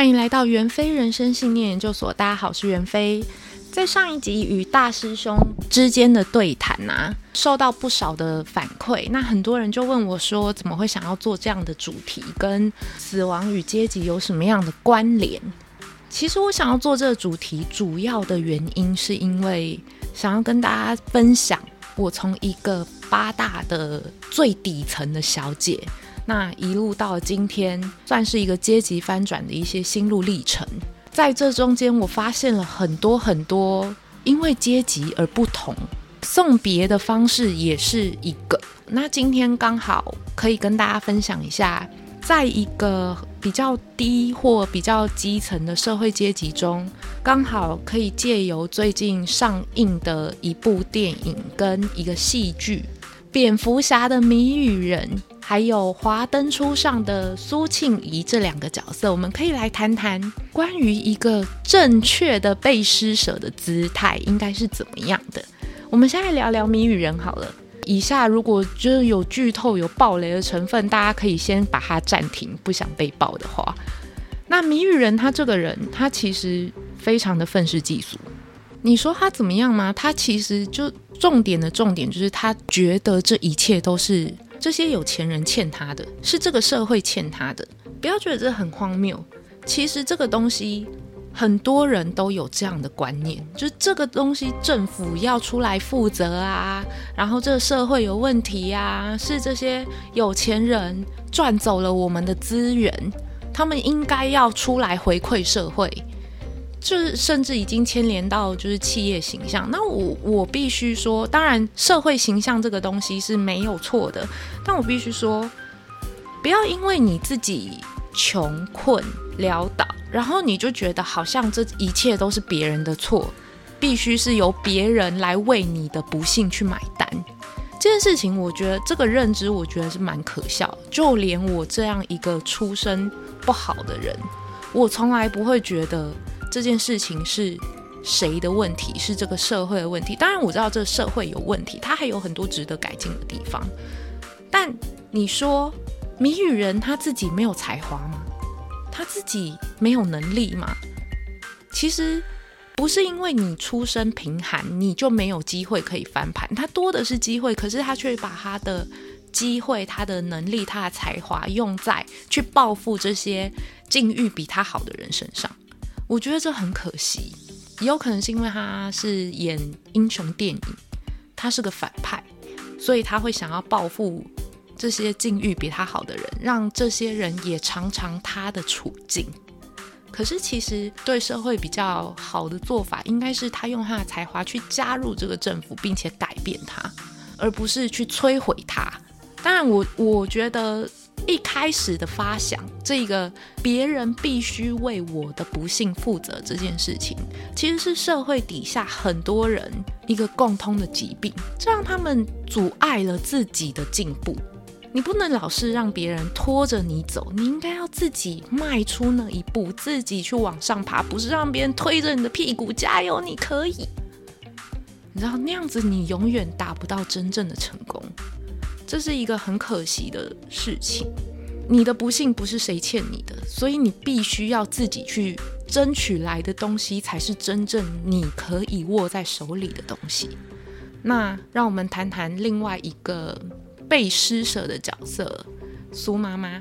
歡迎來到袁非人生信念研究所。大家好，我是袁非。在上一集與大師兄之間的對談啊，受到不少的反饋。那很多人就問我說，怎麼會想要做這樣的主題？跟死亡與階級有什麼樣的關聯？其實我想要做這個主題，主要的原因是因為想要跟大家分享，我從一個八大的最底層的小姐。那一路到今天，算是一個階級翻轉的一些心路歷程。在這中間，我發現了很多很多因為階級而不同送別的方式，也是一個。那今天剛好可以跟大家分享一下，在一個比較低或比較基層的社會階級中，剛好可以借由最近上映的一部電影跟一個戲劇《蝙蝠俠的謎語人》。還有華燈初上的蘇慶儀這兩個角色，我們可以來談談關於一個正確的被施捨的姿態應該是怎麼樣的。我們先來聊聊謎語人好了。以下如果就是有劇透、有爆雷的成分，大家可以先把它暫停，不想被爆的話。那謎語人他這個人，他其實非常的憤世嫉俗。你說他怎麼樣嗎？他其實就重點的重點就是他覺得這一切都是。這些有錢人欠他的，是這個社會欠他的，不要覺得這很荒謬。其實這個東西很多人都有這樣的觀念，就是這個東西政府要出來負責啊，然後這個社會有問題呀，是這些有錢人賺走了我們的資源，他們應該要出來回饋社會。就是甚至已經牽連到就是企業形象，那我我必須說，當然社會形象這個東西是沒有錯的，但我必須說，不要因為你自己窮困潦倒，然後你就覺得好像這一切都是別人的錯，必須是由別人來為你的不幸去買單。這件事情，我覺得這個認知，我覺得是蠻可笑的。就連我這樣一個出身不好的人，我從來不會覺得。這件事情是誰的問題？是這個社會的問題。當然，我知道這個社會有問題，它還有很多值得改進的地方。但你說謎語人他自己沒有才華嗎？他自己沒有能力嗎？其實不是因為你出身貧寒，你就沒有機會可以翻盤。他多的是機會，可是他卻把他的機會、他的能力、他的才華用在去報復這些境遇比他好的人身上。我覺得這很可惜，也有可能是因為他是演英雄電影，他是個反派，所以他會想要報復這些境遇比他好的人，讓這些人也嘗嘗他的處境。可是其實對社會比較好的做法，應該是他用他的才華去加入這個政府，並且改變他，而不是去摧毀他。當然我，我我覺得。一開始的發想，這個別人必須為我的不幸負責這件事情，其實是社會底下很多人一個共通的疾病，這讓他們阻礙了自己的進步。你不能老是讓別人拖着你走，你應該要自己邁出那一步，自己去往上爬，不是讓別人推着你的屁股加油，你可以。你知道那樣子你永遠達不到真正的成功。這是一個很可惜的事情，你的不幸不是誰欠你的，所以你必須要自己去爭取來的東西，才是真正你可以握在手裡的東西。那讓我們談談另外一個被施捨的角色——蘇媽媽，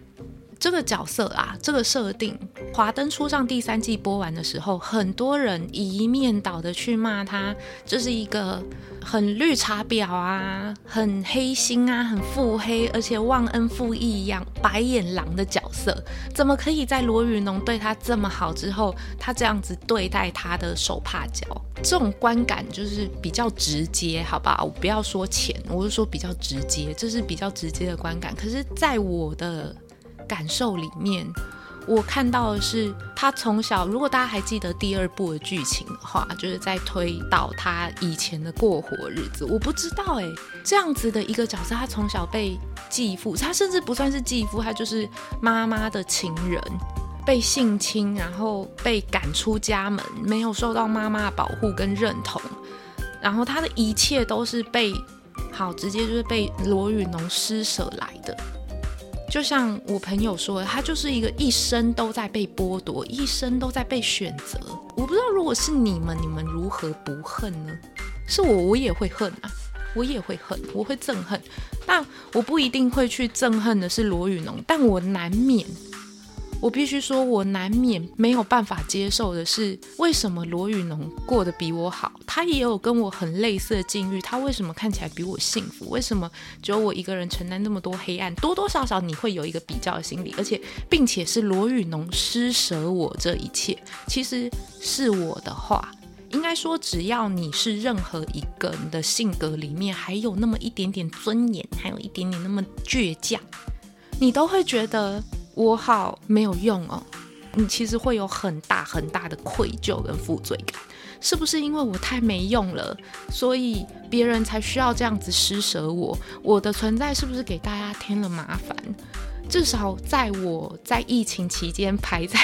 這個角色啊，這個設定。《華燈初上》第三季播完的時候，很多人一面倒的去罵他，這、就是一個很綠茶婊啊，很黑心啊，很腹黑，而且忘恩負義一樣白眼狼的角色，怎麼可以在羅雨儂對他這麼好之後，他這樣子對待他的手帕交？這種觀感就是比較直接，好吧？我不要說淺，我就說比較直接，這、就是比較直接的觀感。可是，在我的感受裡面。我看到的是，他從小，如果大家還記得第二部的劇情的話，就是在推到他以前的過活日子。我不知道哎、欸，這樣子的一個角色，他從小被繼父，他甚至不算是繼父，他就是媽媽的情人，被性侵，然後被趕出家門，沒有受到媽媽的保護跟認同，然後他的一切都是被，好直接就是被羅雨儂施捨來的。就像我朋友說，他就是一個一生都在被剝奪，一生都在被選擇。我不知道如果是你們，你們如何不恨呢？是我，我也會恨啊，我也會恨，我會憎恨，但我不一定會去憎恨的是羅雨儂，但我難免。我必須說，我難免沒有辦法接受的是，為什麼羅雨儂過得比我好？他也有跟我很類似的境遇，他為什麼看起來比我幸福？為什麼只有我一個人承擔那麼多黑暗？多多少少你會有一個比較的心理，而且，並且是羅雨儂施捨我這一切，其實是我的話，應該說，只要你是任何一個人的性格裡面還有那麼一點點尊嚴，還有一點點那麼倔強，你都會覺得。我好沒有用哦，你、嗯、其實會有很大很大的愧疚跟負罪感，是不是因為我太沒用了，所以別人才需要這樣子施舍我？我的存在是不是給大家添了麻煩？至少在我在疫情期間排在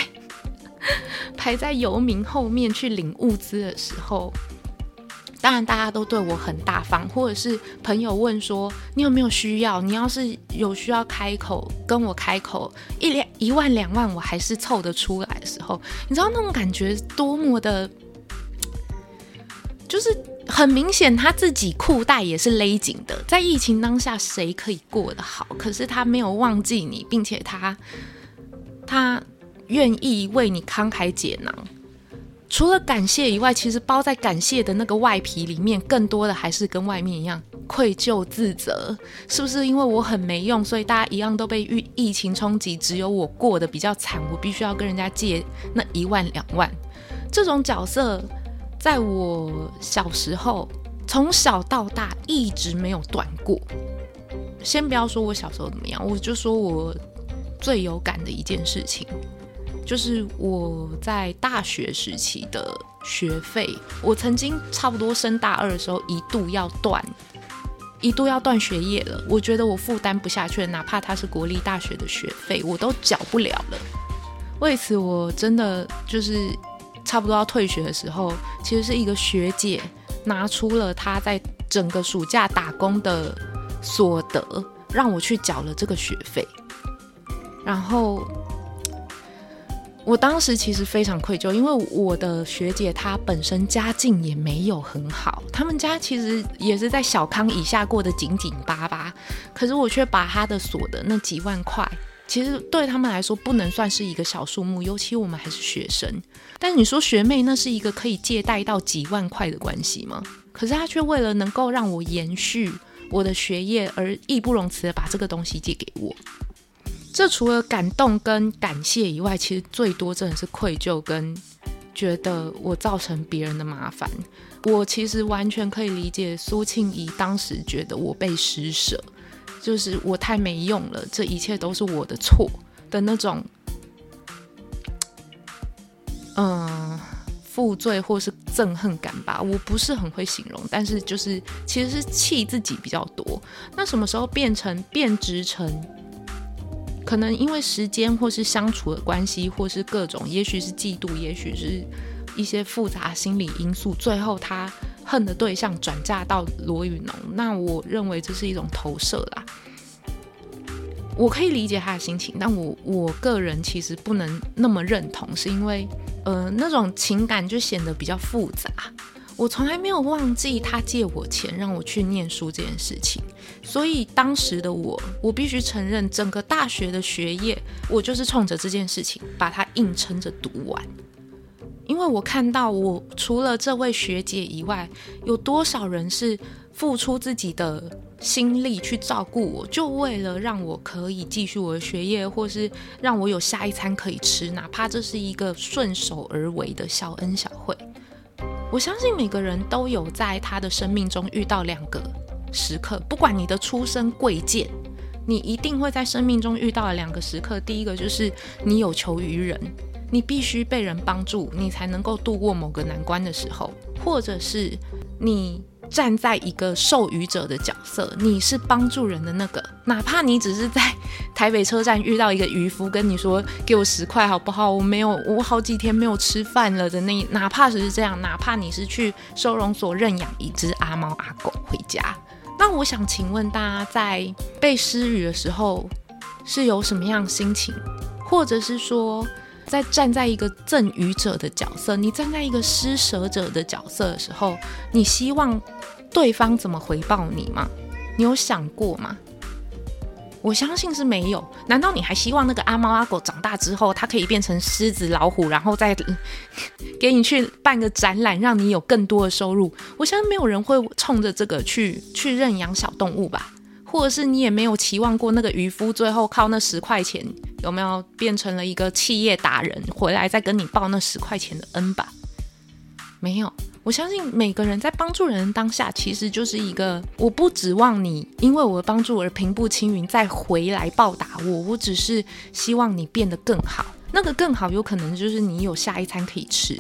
排在游民後面去領物資的時候。當然，大家都對我很大方，或者是朋友問說你有沒有需要，你要是有需要開口跟我開口一兩一萬兩萬，我還是湊得出來的時候，你知道那種感覺多麼的，就是很明顯他自己褲帶也是勒緊的。在疫情當下，誰可以過得好？可是他沒有忘記你，並且他他願意為你慷慨解囊。除了感謝以外，其實包在感謝的那個外皮裡面，更多的還是跟外面一樣愧疚自責，是不是因為我很沒用，所以大家一樣都被疫情衝擊，只有我過得比較慘，我必須要跟人家借那一萬兩萬。這種角色，在我小時候，從小到大一直沒有斷過。先不要說我小時候怎麼樣，我就說我最有感的一件事情。就是我在大學時期的學費，我曾經差不多升大二的時候，一度要斷，一度要斷學業了。我覺得我負擔不下去，哪怕它是國立大學的學費，我都繳不了了。為此，我真的就是差不多要退學的時候，其實是一個學姐拿出了她在整個暑假打工的所得，讓我去繳了這個學費，然後。我當時其實非常愧疚，因為我的學姐她本身家境也沒有很好，他們家其實也是在小康以下過得緊緊巴巴，可是我卻把她的所得那幾萬塊，其實對他們來說不能算是一個小數目，尤其我們還是學生。但你說，學妹那是一個可以借貸到幾萬塊的關係嗎？可是她卻為了能夠讓我延續我的學業而義不容辭地把這個東西借給我。這除了感動跟感謝以外，其實最多真的是愧疚，跟覺得我造成別人的麻煩。我其實完全可以理解蘇慶儀當時覺得我被施捨，就是我太沒用了，這一切都是我的錯的那種，嗯、呃，負罪或是憎恨感吧。我不是很會形容，但是就是其實是氣自己比較多。那什麼時候變成變支撐？可能因為時間，或是相處的關係，或是各種，也許是嫉妒，也許是一些複雜的心理因素，最後他恨的對象轉嫁到羅雨儂，那我認為這是一種投射啦。我可以理解他的心情，但我我個人其實不能那麼認同，是因為，呃，那種情感就顯得比較複雜。我從來沒有忘記他借我錢讓我去念書這件事情，所以當時的我，我必須承認，整個大學的學業，我就是衝着這件事情把它硬撐着讀完。因為我看到，我除了這位學姐以外，有多少人是付出自己的心力去照顧我，就為了讓我可以繼續我的學業，或是讓我有下一餐可以吃，哪怕這是一個順手而為的小恩小惠。我相信每個人都有在他的生命中遇到兩個時刻，不管你的出身貴賤，你一定會在生命中遇到的兩個時刻。第一個就是你有求於人，你必須被人幫助，你才能夠度過某個難關的時候，或者是你。站在一個授予者的角色，你是幫助人的那個，哪怕你只是在台北車站遇到一個漁夫跟你說：“給我十塊好不好？我沒有，我好幾天沒有吃飯了的那，哪怕只是這樣，哪怕你是去收容所認養一隻阿貓阿狗回家，那我想請問大家，在被施捨的時候，是有什麼樣心情，或者是說？在站在一個贈予者的角色，你站在一個施舍者的角色的時候，你希望對方怎麼回報你嗎？你有想過嗎？我相信是沒有。難道你還希望那個阿貓阿狗長大之後，它可以變成獅子老虎，然後再、嗯、給你去辦個展覽，讓你有更多的收入？我相信沒有人會衝着這個去去認養小動物吧。或者是你也沒有期望過那個漁夫最後靠那十塊錢有沒有變成了一個企業達人回來再跟你報那十塊錢的恩吧？沒有，我相信每個人在幫助人的當下，其實就是一個我不指望你因為我的幫助而平步青雲再回來報答我，我只是希望你變得更好。那個更好有可能就是你有下一餐可以吃，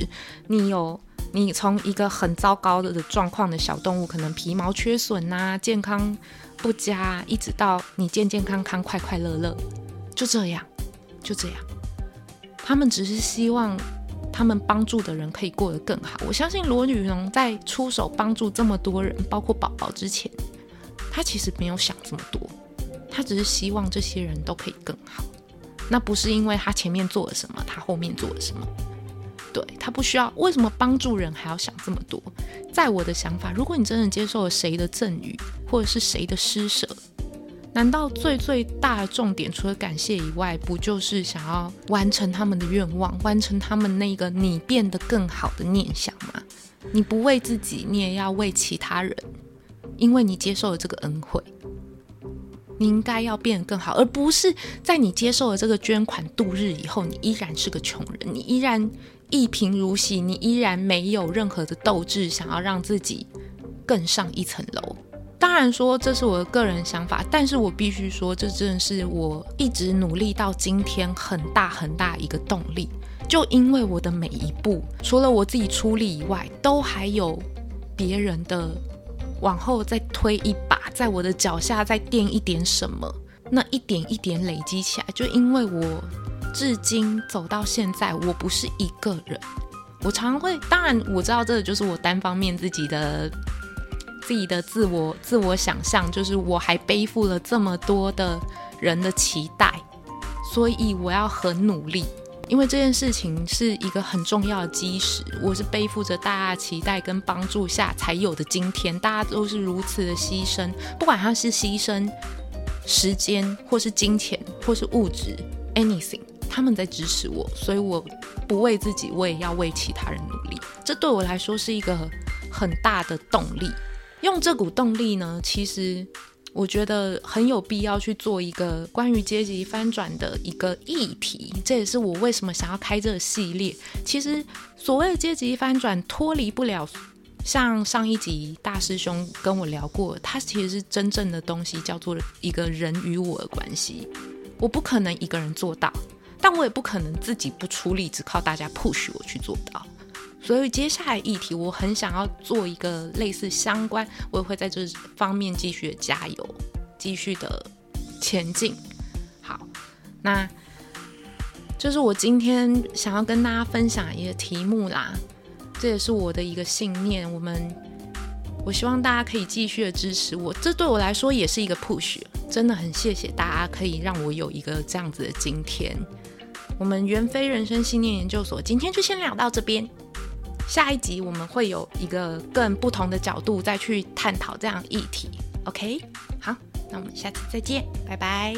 你有你從一個很糟糕的狀況的小動物，可能皮毛缺損啊，健康不加，一直到你健健康康、快快樂樂，就這樣，就這樣。他們只是希望他們幫助的人可以過得更好。我相信羅女龍在出手幫助這麼多人，包括寶寶之前，他其實沒有想這麼多，他只是希望這些人都可以更好。那不是因為他前面做了什麼，他後面做了什麼。對他不需要，為什麼幫助人還要想這麼多？在我的想法，如果你真的接受了誰的贈與，或者是誰的施捨，難道最最大的重點，除了感謝以外，不就是想要完成他們的願望，完成他們那個你變得更好的念想嗎？你不為自己，你也要為其他人，因為你接受了這個恩惠，你應該要變得更好，而不是在你接受了這個捐款度日以後，你依然是個窮人，你依然。一貧如洗，你依然沒有任何的鬥志，想要讓自己更上一層樓。當然說這是我的個人想法，但是我必須說，這真的是我一直努力到今天很大很大一個動力。就因為我的每一步，除了我自己出力以外，都還有別人的往後再推一把，在我的腳下再墊一點什麼，那一點一點累積起來，就因為我。至今走到現在，我不是一個人。我常會，當然我知道這就是我單方面自己的、自己的自我自我想象，就是我還背負了這麼多的人的期待，所以我要很努力，因為這件事情是一個很重要的基石。我是背負着大家期待跟幫助下才有的今天，大家都是如此的犧牲，不管他是犧牲時間，或是金錢，或是物質，anything。他們在支持我，所以我不為自己，我也要為其他人努力。這對我來說是一個很大的動力。用這股動力呢，其實我覺得很有必要去做一個關於階級翻轉的一個議題。這也是我為什麼想要開這個系列。其實所謂的階級翻轉，脫離不了像上一集大師兄跟我聊過，他其實是真正的東西，叫做一個人與我的關係。我不可能一個人做到。但我也不可能自己不出力，只靠大家 push 我去做到。所以接下來議題，我很想要做一個類似相關，我也會在這方面繼續加油，繼續的前進。好，那就是我今天想要跟大家分享一個題目啦，這也是我的一個信念。我們我希望大家可以繼續的支持我，這對我來說也是一個 push，真的很謝謝大家，可以讓我有一個這樣子的今天。我們袁非人生信念研究所，今天就先聊到這邊，下一集我們會有一個更不同的角度再去探討這樣的議題。OK，好，那我們下次再見，拜拜。